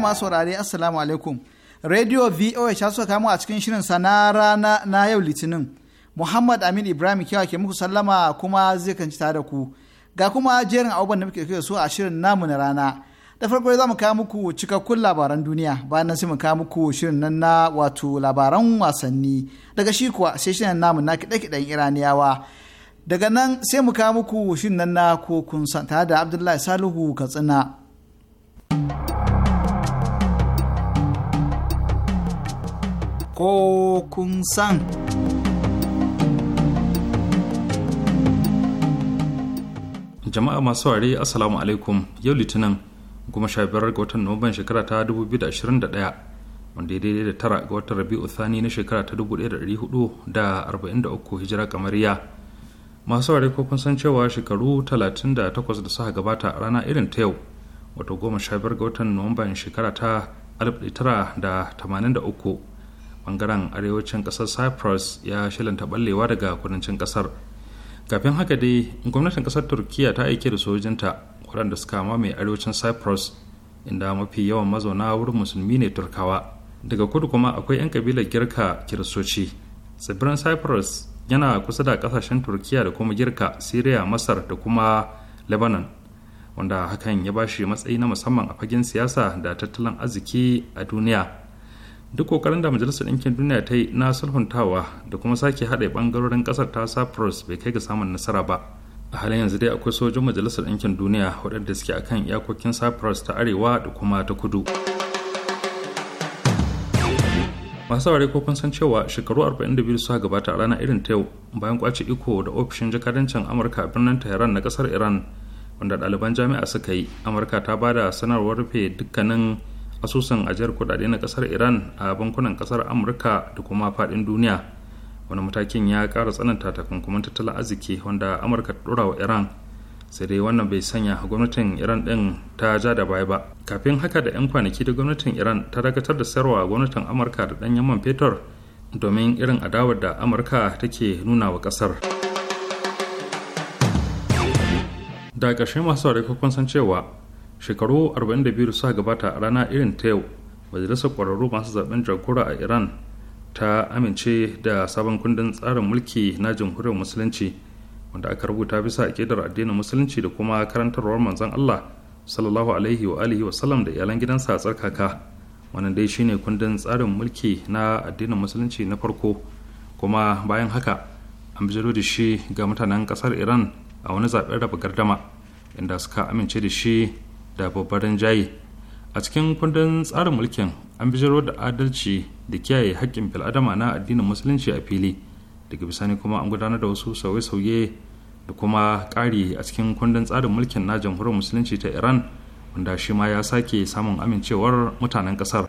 masu saurare assalamu alaikum. Radio VOA ta suka kamo a cikin shirin sa na rana na yau Litinin. Muhammad Amin Ibrahim kewa ke muku sallama kuma zai kanci tare da ku. Ga kuma jerin abubuwan da muke kai su a shirin namu na rana. Da farko za mu kawo muku cikakkun labaran duniya bayan nan sai mu kawo muku shirin nan na wato labaran wasanni. Daga shi kuwa sai shirin namu na kiɗe-kiɗen Iraniyawa. Daga nan sai mu kawo muku shirin nan na kokun tare da Abdullahi Salihu Katsina. ko kun san. Jama'a masu ware Assalamu alaikum yau Litinin goma sha biyar ga watan Nuwamban shekara ta 2021 wanda ya daidai da tara ga watan Rabi'u Thani na shekara ta 1443 hijira kamariya. Masu ware ko kun san cewa shekaru 38 da suka gabata a rana irin ta yau wato goma sha biyar ga watan Nuwamban shekara ta 1983 bangaren arewacin kasar cyprus ya shilanta ballewa daga kudancin kasar kafin haka dai gwamnatin kasar turkiya ta aike da sojinta waɗanda suka mamaye arewacin cyprus inda mafi yawan mazauna wurin musulmi ne turkawa daga kudu kuma akwai 'yan kabilar girka kiristoci tsibirin cyprus yana kusa da kasashen turkiya da kuma girka syria masar da kuma lebanon wanda hakan ya ba shi matsayi na musamman a fagen siyasa da tattalin arziki a duniya duk kokarin da majalisar ɗinkin duniya ta yi na sulhuntawa da kuma sake haɗe ɓangarorin ƙasar ta cyprus bai kai ga samun nasara ba a halin yanzu dai akwai sojin majalisar ɗinkin duniya waɗanda suke akan iyakokin cyprus ta arewa da kuma ta kudu masu saurari ko kun san cewa shekaru 42 suka gabata a ranar irin ta yau bayan kwace iko da ofishin jakadancin amurka a birnin tehran na kasar iran wanda ɗaliban jami'a suka yi amurka ta bada sanarwar rufe dukkanin asusun ajiyar kudade na kasar iran a bankunan kasar amurka da kuma fadin duniya wani matakin ya kara tsananta takunkumin tattalin arziki wanda amurka ta dora wa iran sai dai wannan bai sanya gwamnatin iran din ta ja da baya ba kafin haka da 'yan kwanaki da gwamnatin iran ta dakatar da sayarwa gwamnatin amurka da dan man fetur domin irin adawar da amurka take nuna wa kasar da ƙarshe masu kun san cewa shekaru 42 suka gabata a rana irin ta yau majalisar kwararru masu zaben jagora a iran ta amince da sabon kundin tsarin mulki na jamhuriyar musulunci wanda aka rubuta bisa ƙidar addinin musulunci da kuma karantarwar manzon allah sallallahu alaihi wa alihi wa sallam da iyalan gidansa a tsarkaka wannan dai shine kundin tsarin mulki na addinin musulunci na farko kuma bayan haka an bijiro da shi ga mutanen kasar iran a wani zaɓen raba gardama inda suka amince da shi da babban jayi a cikin kundin tsarin mulkin an bijiro da adalci da kiyaye haƙƙin bil'adama na addinin musulunci a fili daga bisani kuma an gudanar da wasu sauye-sauye da kuma ƙari a cikin kundin tsarin mulkin na jamhuriyar musulunci ta iran wanda shi ma ya sake samun amincewar mutanen ƙasar.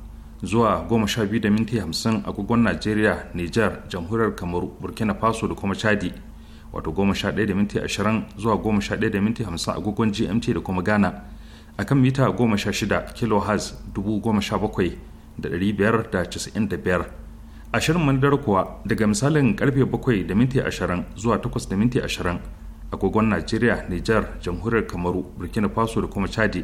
zuwa goma sha biyu da minti hamsin agogon najeriya niger jamhuriyar kamaru burkina faso da kuma chadi wato goma sha ɗaya da minti zuwa goma sha ɗaya gmt da kuma ghana akan mita goma sha shida A dubu goma sha bakwai da ɗari biyar da da biyar ashirin manadar kuwa daga misalin karfe bakwai da minti ashirin zuwa takwas da minti ashirin agogon najeriya niger jamhuriyar kamaru burkina faso da kuma chadi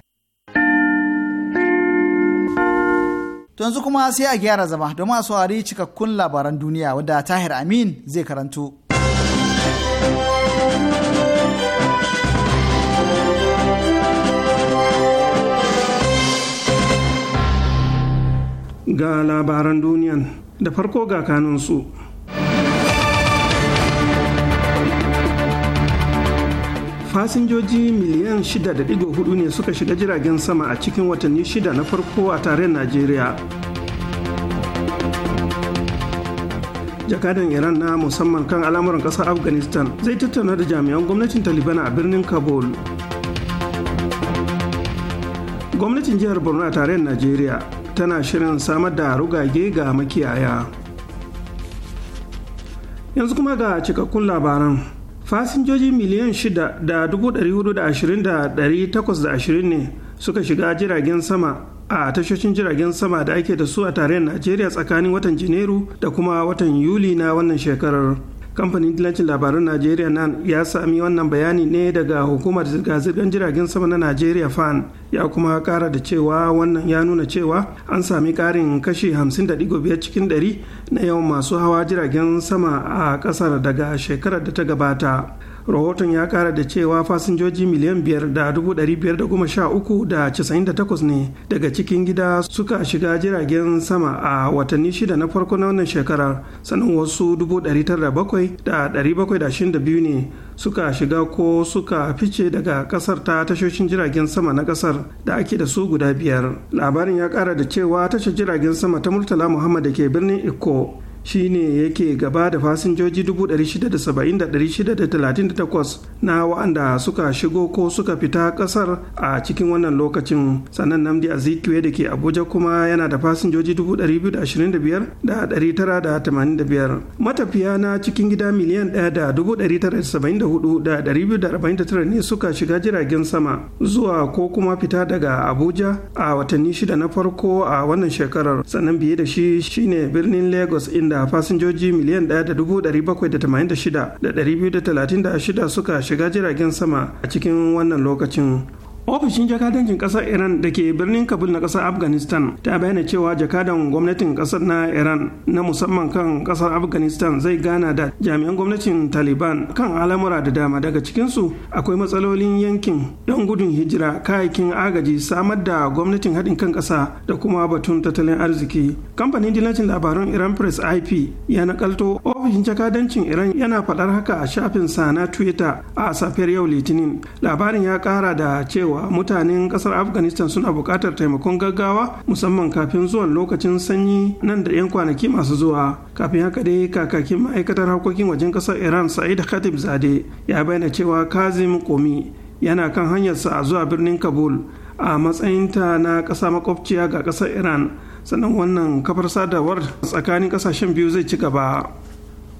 To yanzu kuma sai a gyara zama don masu saurari cikakkun labaran duniya wadda Tahir Amin zai karanto. Ga labaran duniyan da farko ga kanunsu. su. fasinjoji miliyan 6.4 ne suka shiga jiragen sama a cikin watanni shida na farko a tarayyar najeriya jakadan iran na musamman kan al'amuran kasar afghanistan zai tattauna da jami'an gwamnatin taliban a birnin kabul gwamnatin jihar borno a tarayyar najeriya tana shirin samar da rugage ga makiyaya yanzu kuma ga cikakkun labaran fasinjoji miliyan shida da ne suka shiga jiragen sama a tashoshin jiragen sama da ake da su a tarayyar najeriya tsakanin watan janairu da kuma watan yuli na wannan shekarar kamfanin dillacin labarun najeriya nan ya sami wannan bayani ne daga hukumar zirga-zirgar jiragen sama na najeriya fan ya kuma kara da cewa wannan ya nuna cewa an sami karin kashi 50.5 cikin 100 na yawan masu hawa jiragen sama a kasar daga shekarar da ta gabata rahoton ya kara da cewa fasinjoji miliyan biyar da dubu dari biyar da goma sha uku da casa'in da takwas ne daga cikin gida suka shiga jiragen sama a watanni shida na farko na wannan shekarar sannan wasu dubu dari tara bakwai da dari bakwai da ashirin biyu ne suka shiga ko suka fice daga kasar ta tashoshin jiragen sama na kasar da ake da su guda biyar labarin ya kara da cewa tashar jiragen sama ta murtala muhammad da ke birnin iko shine yake gaba da fasinjoji 670,638 na wa'anda suka shigo ko suka fita ƙasar a cikin wannan lokacin sannan namdi azikiwe da ke abuja kuma yana da fasinjoji 225,985 matafiya na cikin gida miliyan 1,974,249 ne suka shiga jiragen sama zuwa ko kuma fita daga abuja a watanni shida na farko a wannan shekarar sannan biye da shi shine birnin lagos inda da fasinjoji miliyan 1,786,236 suka shiga jiragen sama a cikin wannan lokacin ofishin jakadancin kasar iran da ke birnin kabul na kasar afghanistan ta bayyana cewa jakadan gwamnatin kasar na iran na musamman kan kasar afghanistan zai gana da jami'an gwamnatin taliban kan al'amura da dama daga cikinsu akwai matsalolin yankin don gudun hijira kayakin agaji samar da gwamnatin haɗin kan ƙasa da kuma batun tattalin arziki kamfanin dillacin labarun iran press ip ya nakalto ofishin jakadancin iran yana faɗar haka a shafinsa na twitter a safiyar yau litinin labarin ya ƙara da cewa cewa mutanen kasar afghanistan suna buƙatar taimakon gaggawa musamman kafin zuwan lokacin sanyi nan da 'yan kwanaki masu zuwa kafin haka dai kakakin ma'aikatar harkokin wajen kasar iran sa'id khatib zade ya bayyana cewa kazim komi yana kan hanyarsa a zuwa birnin kabul a matsayinta na ƙasa makwabciya ga ƙasar iran sannan wannan kafar sadarwar tsakanin ƙasashen biyu zai ci gaba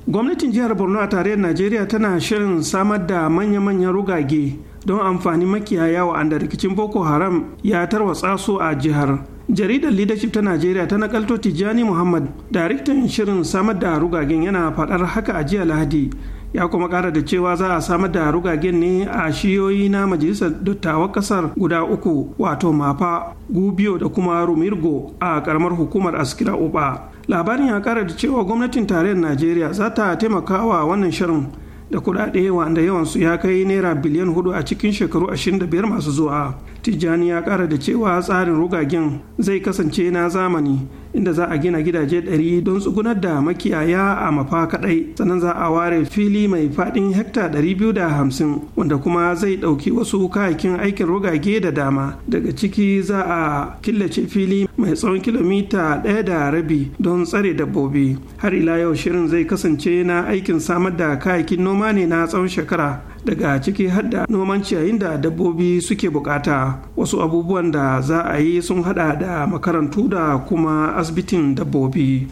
gwamnatin jihar borno a tarayyar najeriya tana shirin samar da manya-manyan rugage don amfani makiyaya wa'anda rikicin boko haram ya tarwatsa su a jihar jaridar leadership ta najeriya ta nakalto tijjani muhammad daraktan shirin samar da rugagen yana faɗar haka a jiya lahadi ya kuma kara da cewa za a samar da rugagen ne a shiyoyi na majalisar dattawan ƙasar guda uku wato mafa gubiyo da kuma rumirgo a karamar hukumar askira uba labarin ya kara da cewa gwamnatin tarayyar najeriya za ta taimaka wa wannan shirin da kuɗaɗe wanda yawansu ya kai naira biliyan hudu a cikin shekaru 25 masu zuwa tijjani ya kara da cewa tsarin rugagen zai kasance na zamani inda za a gina gidaje 100 don tsugunar da makiyaya a mafa kaɗai sannan za a ware fili mai faɗin hekta 250 wanda kuma zai ɗauki wasu kayakin aikin rugage da dama daga ciki za a killace fili mai tsawon kilomita ɗaya da rabi don tsare dabbobi har ila yau shirin zai kasance na aikin samar da kayakin noma ne na tsawon shekara daga ciki hadda noman ciyayin da dabbobi suke bukata wasu abubuwan da za a yi sun hada da makarantu da kuma asibitin dabbobi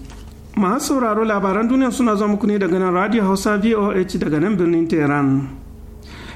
masu sauraro labaran duniya suna zama muku ne daga nan radio hausa voh daga nan birnin tehran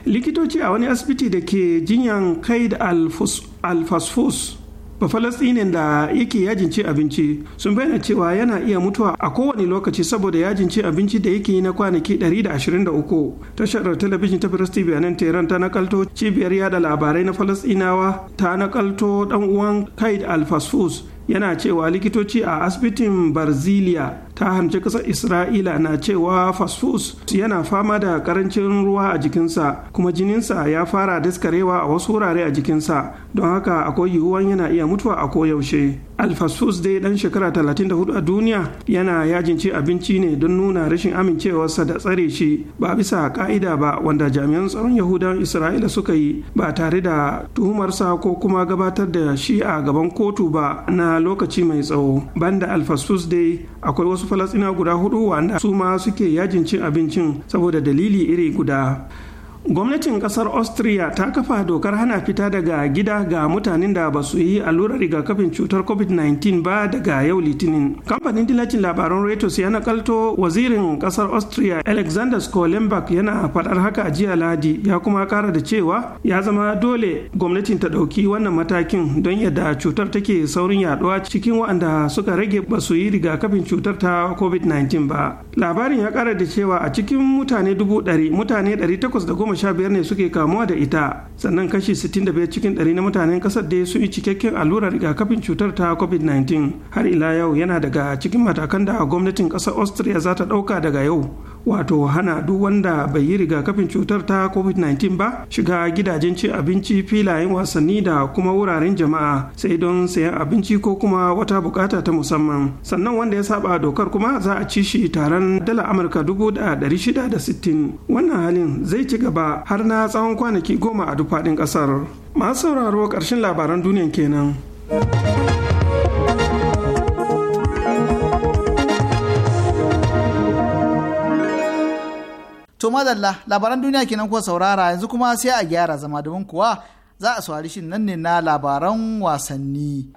likitoci a wani asibiti da ke jinyan kaid alfasfos bafalastinin da yake yajin ci abinci sun bayyana cewa yana iya mutuwa a kowane lokaci saboda yajin ci abinci da yake yi na kwanaki 123 tashar talabijin ta firas tv nan tehran ta nakalto cibiyar yada labarai na falastinawa ta nakalto dan uwan kaid alfasfus yana cewa likitoci a asibitin barzilia ta hanci ƙasar isra'ila na cewa fasfus yana fama da karancin ruwa a jikinsa kuma jininsa ya fara daskarewa a wasu wurare a jikinsa don haka akwai yiwuwan yana iya mutuwa a koyaushe alfasfus dai dan shekara 34 a duniya yana yajin ci abinci ne don nuna rashin amincewarsa da tsare shi ba bisa ka'ida ba wanda jami'an tsaron yahudan isra'ila suka yi ba tare da tuhumarsa ko kuma gabatar da shi a gaban kotu ba na lokaci mai tsawo banda alfasfus dai akwai wasu falasɗina guda hudu wanda su ma suke yajin cin abincin saboda dalili iri guda gwamnatin kasar austria ta kafa dokar hana fita daga gida ga mutanen da ba su yi allurar rigakafin cutar covid-19 ba daga yau litinin kamfanin dillacin labaran reuters ya nakalto wazirin kasar austria alexander skolenberg yana faɗar haka jiya ladi ya kuma kara da cewa ya zama dole gwamnatin ta ɗauki wannan matakin don yadda cutar take saurin yaduwa cikin waɗanda suka rage ba su yi rigakafin cutar ta covid-19 ba labarin ya kara da cewa a cikin mutane dubu ɗari mutane ɗari takwas da goma goma sha biyar ne suke kamuwa da ita sannan kashi 65 cikin ɗari na mutanen ƙasar dai su yi cikakken allurar rigakafin cutar ta covid-19 har ila yau yana daga cikin matakan da gwamnatin ƙasar austria za ta ɗauka daga yau wato hana duk wanda bai yi rigakafin cutar ta covid-19 ba shiga gidajen cin abinci filayen wasanni da kuma wuraren jama'a sai don sayan abinci ko kuma wata bukata ta musamman sannan wanda ya saba dokar kuma za a ci shi taron dala amurka dubu da dari shida da sittin wannan halin zai ci gaba har na tsawon kwanaki goma a dufaɗin ƙasar masu sauraro ƙarshen labaran duniyan kenan. To madalla labaran duniya kenan kuwa saurara yanzu kuma sai a gyara zama domin kuwa za a saurari shin nan ne na labaran wasanni.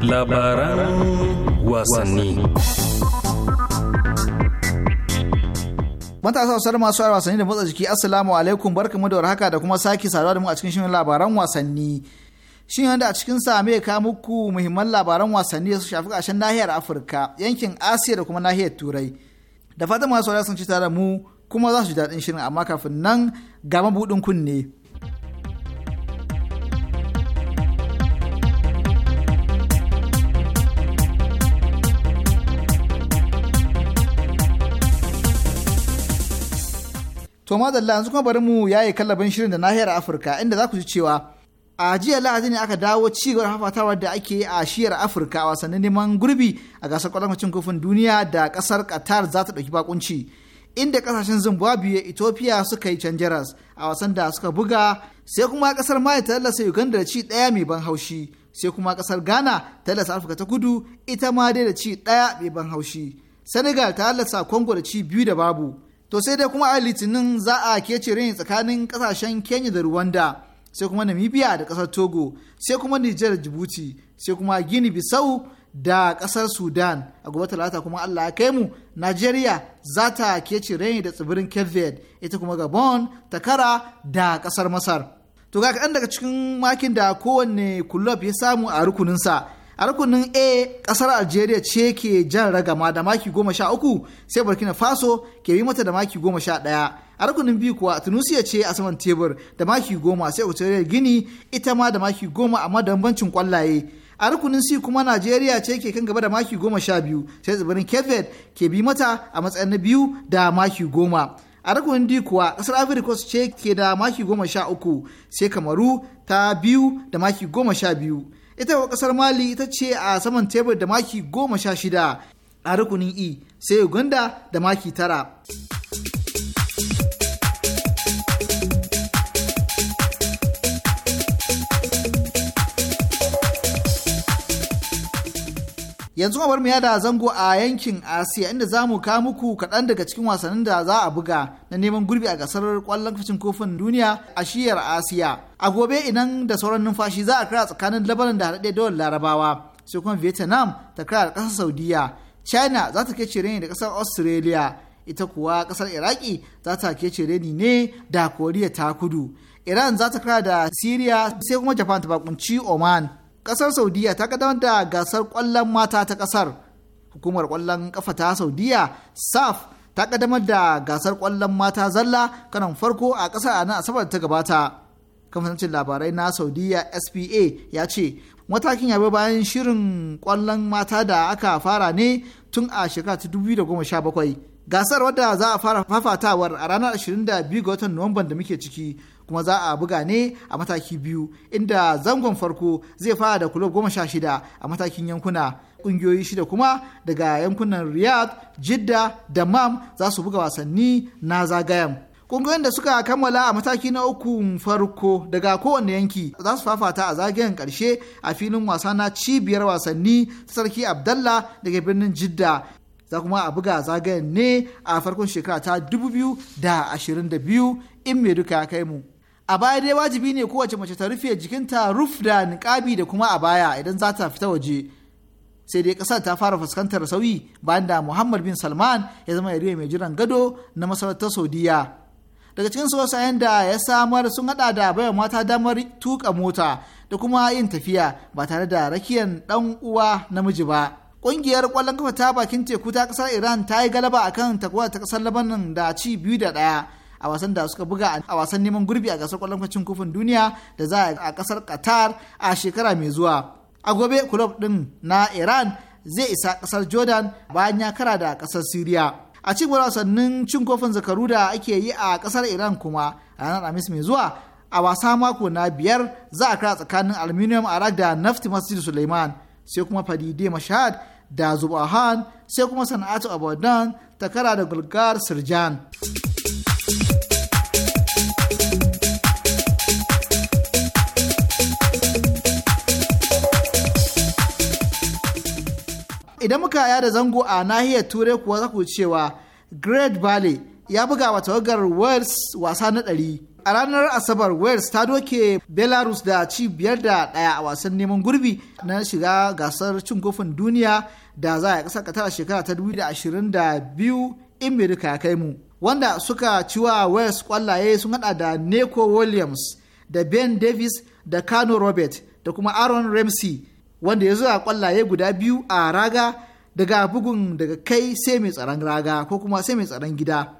Labaran wasanni. Matasa sarar masu wasanni da motsa jiki Assalamu alaikum barkamu da warhaka da kuma sake saduwa da mu a cikin shirin labaran wasanni. shin yadda a cikin sa mai ka muku muhimman labaran wasanni da su shafi ƙarshen nahiyar afirka yankin asiya da kuma nahiyar turai da fatan masu saurara sun ci tare mu kuma za su ji daɗin shirin amma kafin nan ga mabuɗin kunne. To madalla yanzu kuma bari mu yaye kallabin shirin da nahiyar Afirka inda za ku ji cewa a jiya lahadi ne aka dawo ci gaba hafatawar da ake a shiyar afirka a wasannin neman gurbi a gasar kwallon kofin duniya da kasar qatar za ta ɗauki bakunci inda kasashen zimbabwe da ethiopia suka yi canjaras a wasan da suka buga sai kuma kasar mali ta lalasa uganda da ci ɗaya mai ban haushi sai kuma kasar ghana ta lalasa afirka ta kudu ita ma dai da ci ɗaya mai ban haushi senegal ta lalasa congo da ci biyu da babu to sai dai kuma a litinin za a kece rini tsakanin kasashen kenya da rwanda sai kuma namibia da kasar togo sai kuma nijar jibuti sai kuma gini bisau da kasar sudan a gobe talata kuma allah ya kai mu najeriya za ta kece raini da tsibirin kevin ita kuma gabon takara da kasar masar to ga kaɗan daga cikin makin da kowanne kulob ya samu a rukuninsa a rukunin a kasar algeria ce ke jan ragama da maki goma sha uku sai burkina faso ke yi mata da maki goma sha ɗaya a rukunin b kuwa tunisia ce a saman tebur da maki goma sai equatorial gini ita ma da maki goma amma da bambancin kwallaye a rukunin c kuma najeriya ce ke kan gaba da maki goma sha biyu sai tsibirin cape ke bi mata a matsayin na biyu da maki goma a rukunin D kuwa kasar Ivory Coast ce ke da maki goma sha uku sai Kamaru ta biyu da maki goma sha biyu ita wa kasar mali ita ce a saman tebur da maki goma sha shida a rukunin e sai uganda da maki tara. yanzu kuma bar mu yada zango a yankin asiya inda za mu kawo muku kaɗan daga cikin wasannin da za a buga na neman gurbi a gasar kwallon kafin kofin duniya a shiyar asiya a gobe idan da sauran numfashi za a kira tsakanin labaran da haɗe dawar larabawa sai kuma vietnam ta kira da ƙasar saudiya china za ta ke cire da ƙasar australia ita kuwa ƙasar iraki za ta ke cire ne da koriya ta kudu iran za ta kira da syria sai kuma japan ta bakunci oman kasar saudiya ta kadamar da gasar kwallon mata ta kasar hukumar kwallon kafa ta saudiya saf ta kadamar da gasar kwallon mata zalla kanan farko a kasar a nan asabar ta gabata kamfanin labarai na saudiya spa ya ce matakin yabe bayan shirin kwallon mata da aka fara ne tun a shekara 2017 gasar wadda za a fara fafatawar a ranar 22 ga watan nuwamban da muke ciki kuma za a buga ne a mataki biyu inda zangon farko zai fara da kulob goma sha shida a matakin yankuna ƙungiyoyi shida kuma daga yankunan riyadh jidda da mam za su buga wasanni na zagayen ƙungiyoyin da suka kammala a mataki na uku farko daga kowane yanki za su fafata a zagayen karshe a filin wasa na cibiyar wasanni ta sarki abdalla daga birnin jidda za kuma a buga zagayen ne a farkon shekara ta 2022 in mai duka ya kai mu. a baya dai wajibi ne kowace mace ta rufe jikinta ruf da niƙabi da kuma a baya idan za ta fita waje sai dai ƙasar ta fara fuskantar sauyi bayan da muhammad bin salman ya zama yare mai jiran gado na masarautar saudiya daga cikin wasu da ya samar sun haɗa da baiwa mata damar tuka mota da kuma yin tafiya ba tare da rakiyan ɗan uwa namiji ba ƙungiyar ƙwallon kafa ta bakin teku ta ƙasar iran ta yi galaba akan takwa ta ƙasar labanin da ci biyu da ɗaya a wasan da suka buga a wasan neman gurbi a gasar kwallon kwacin kofin duniya da za a kasar qatar a shekara mai zuwa a gobe kulob din na iran zai isa kasar jordan bayan ya kara da kasar syria a cikin wasannin cin kofin zakaru da ake yi a kasar iran kuma ranar alhamis mai zuwa a wasa mako na biyar za a kara tsakanin aluminium arak da nafti masjid suleiman sai kuma fadide mashad da zubahan sai kuma sana'atu abadan takara da gulgar sirjan. idan muka da zango a nahiyar turai kuwa za ku cewa great valley ya buga wa tawagar wales wasa na ɗari a ranar asabar wales ta doke belarus da ci biyar da ɗaya a wasan neman gurbi na shiga gasar cin kofin duniya da za a kasar katar shekara ta 2022 in ya kai mu wanda suka ci wa wales kwallaye sun hada da neko williams da ben davis da kano robert da kuma aaron ramsey wanda ya zo a kwallaye guda biyu a raga daga bugun daga kai sai mai tsaron raga ko kuma sai mai tsaron gida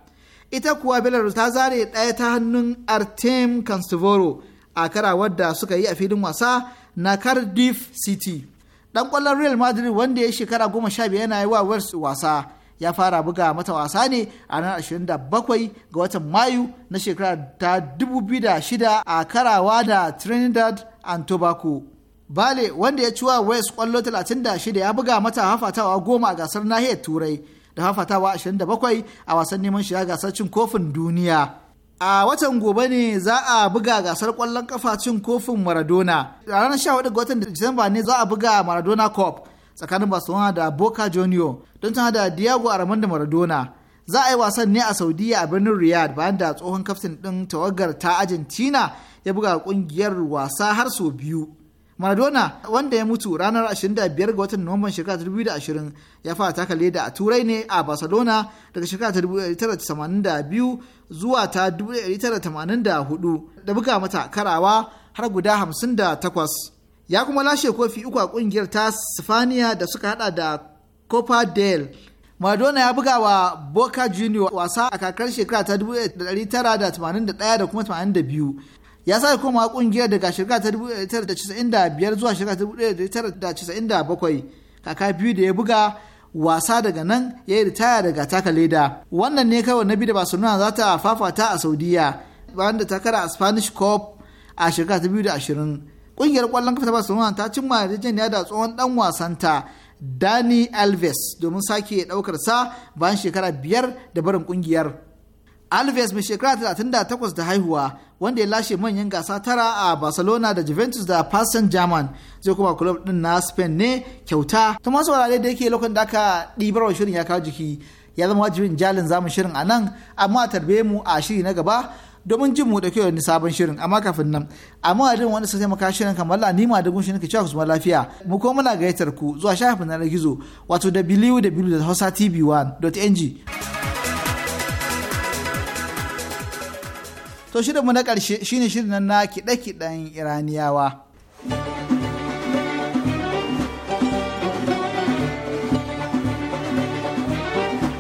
ita kuwa belarus ta zare ɗaya ta hannun artem kansivoro a karawar da suka yi a filin wasa na cardiff city dan kwallon real madrid wanda ya shekara goma sha biyar yana yi wa wales wasa ya fara buga mata wasa ne a ranar 27 ga watan mayu na shekara ta 2006 a karawa da trinidad and tobago Bale wanda ya ci wa West kwallo 36 ya buga mata hafatawa goma a gasar nahiyar Turai da hafatawa 27 a wasan neman shiga gasar cin kofin duniya. A watan gobe ne za a buga gasar kwallon kafa cin kofin Maradona. A ranar 14 ga watan Disamba ne za a buga Maradona Cup tsakanin Barcelona da Boca Junior don tana da Diego Armando Maradona. Za a yi wasan ne a Saudiya a birnin Riyadh bayan da tsohon kaftin ɗin tawagar ta Argentina ya buga ƙungiyar wasa har sau biyu. Maradona wanda ya mutu ranar 25 ga watan Nuwamban shekara 2020 ya fara taka leda a Turai ne a Barcelona daga shekara 1982 zuwa ta 1984 da buga mata karawa har guda 58. Ya kuma lashe kofi uku a kungiyar ta Sifaniya da suka hada da Copa del Maradona ya buga wa Boca Juniors wasa a kakar shekara ta 1981 da kuma 82 ya sa koma kungiyar daga shirka ta 1995 zuwa shirka ta 1997 kaka biyu da ya buga wasa daga nan ya yi ritaya daga taka leda wannan ne kawai na biyu da barcelona za ta fafata a saudiya bayan da ta a spanish cup a shirka ta 2020 kungiyar kwallon kafa ta barcelona ta cimma yarjejeniya da tsohon dan wasanta dani alves domin sake daukar sa bayan shekara biyar da barin kungiyar alves mai shekara 38 da haihuwa wanda ya lashe manyan gasa tara a barcelona da juventus da Paris german zai kuma club din na spain ne kyauta ta masu wurare da yake lokacin da aka ɗibarwa shirin ya kawo jiki ya zama wajibin jalin zamu shirin a nan amma tarbe mu a shiri na gaba domin jin mu da wani sabon shirin amma kafin nan amma a wani sai maka shirin kamar la nima da gunshin ka cewa lafiya mu ko muna gayyatar ku zuwa shafin na gizo wato www.hausatv1.ng to shirinmu na ƙarshe shine shirin na kiɗe-kiɗen iraniyawa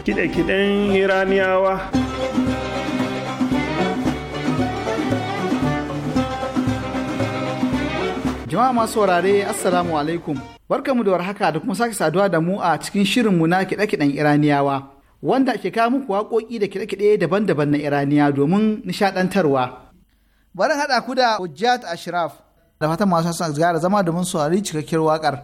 kiɗe-kiɗen iraniyawa jama'a masu wurare assalamu alaikum barkamu da warhaka da kuma sake saduwa da mu a cikin shirinmu na kiɗe-kiɗen iraniyawa wanda ke kawo muku waƙoƙi da kiɗe-kiɗe daban-daban na iraniya domin nishaɗantarwa Barin haɗa ku da hujjat ashraf da fatan masu sa gara zama domin saurari cikakkiyar waƙar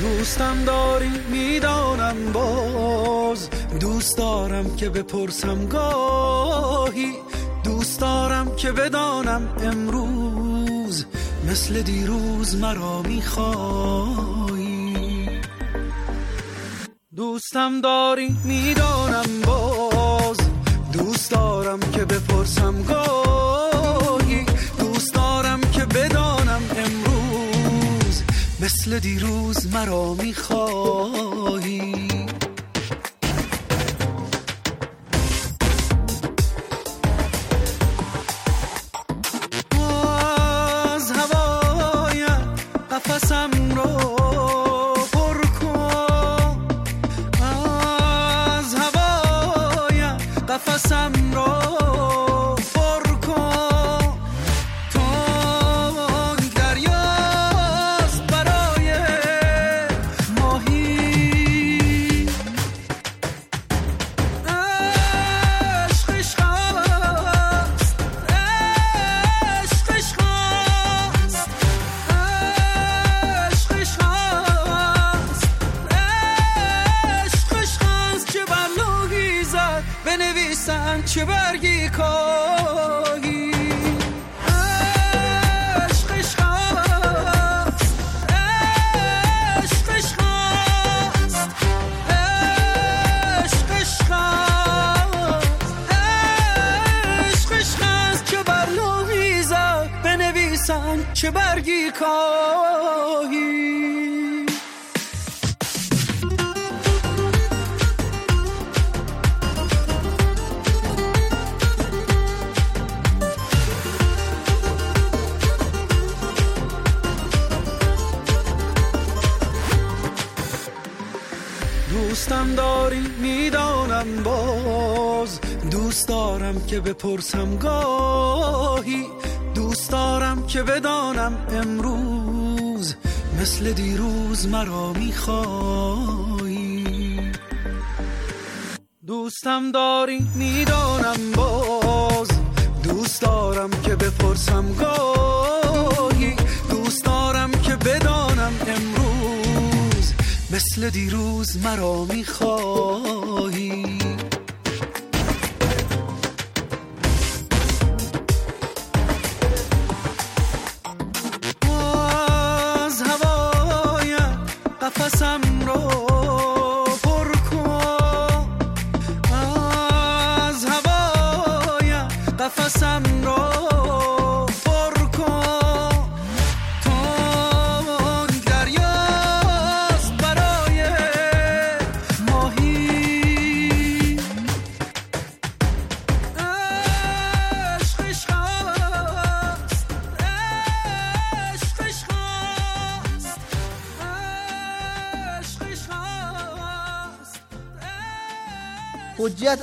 دوستم داری میدانم با دوست دارم که بپرسم گاهی دوست دارم که بدانم امروز مثل دیروز مرا میخوایی دوستم داری میدانم باز دوست دارم که بپرسم گاهی دوست دارم که بدانم امروز مثل دیروز مرا میخوایی برگی کاهی دوستم داری میدانم باز دوست دارم که بپرسم گاهی دوست دارم که بدانم امروز مثل دیروز مرا میخوایی دوستم داری میدانم باز دوست دارم که بپرسم گاهی دوست دارم که بدانم امروز مثل دیروز مرا میخوایی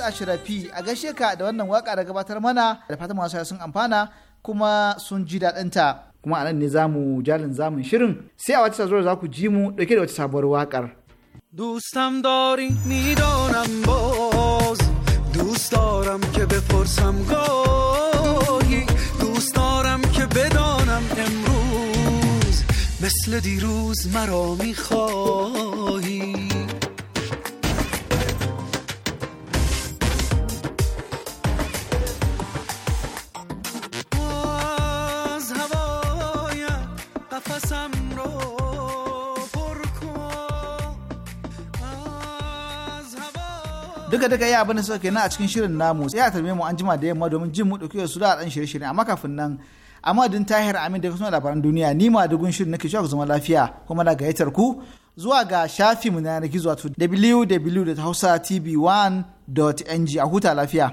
ashirafi a gaishe ka da wannan waka da gabatar mana da fatan masu sun amfana kuma sun ji daɗinta. Kuma a nan ne za mu jalin zamun shirin sai a wata sazuwar za ku ji mu ɗauke da wata sabuwar wakar. دوستم داری میدانم باز دوست دارم که بپرسم گاهی دوست دارم که بدانم امروز مثل دیروز مرا میخواهی duka duka ya abin da suka kenan a cikin shirin namu sai a tarbe mu an jima da yamma domin jin mu da su da dan shirye-shirye amma kafin nan amma din tahir amin da kuma labaran duniya ni ma dugun shirin nake cewa ku zama lafiya kuma na gayyatar ku zuwa ga shafi mu na yanar gizo wato www.hausatv1.ng a huta lafiya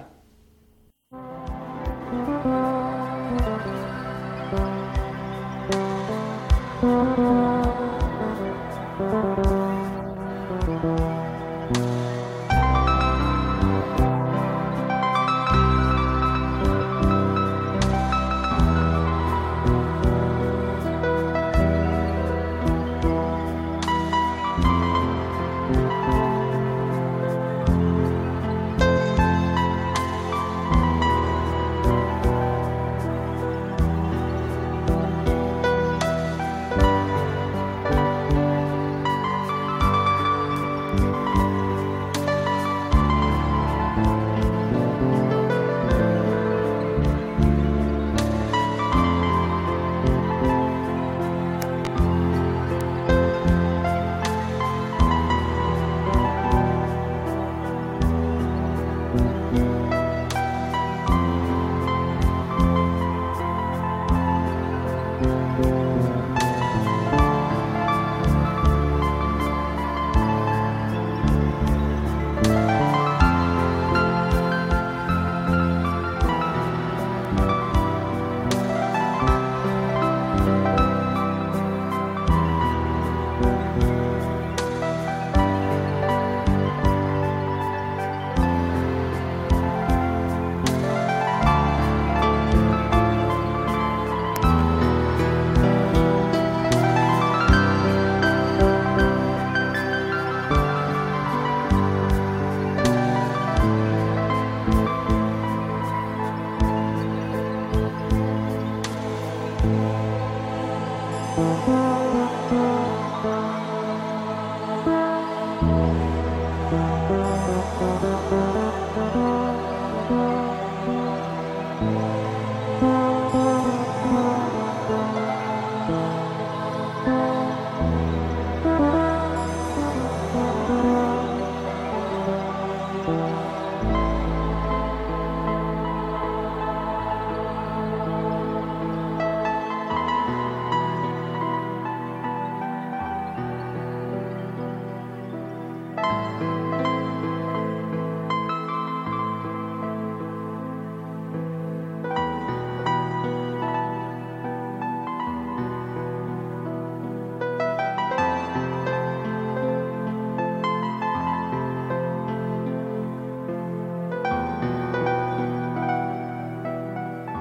Música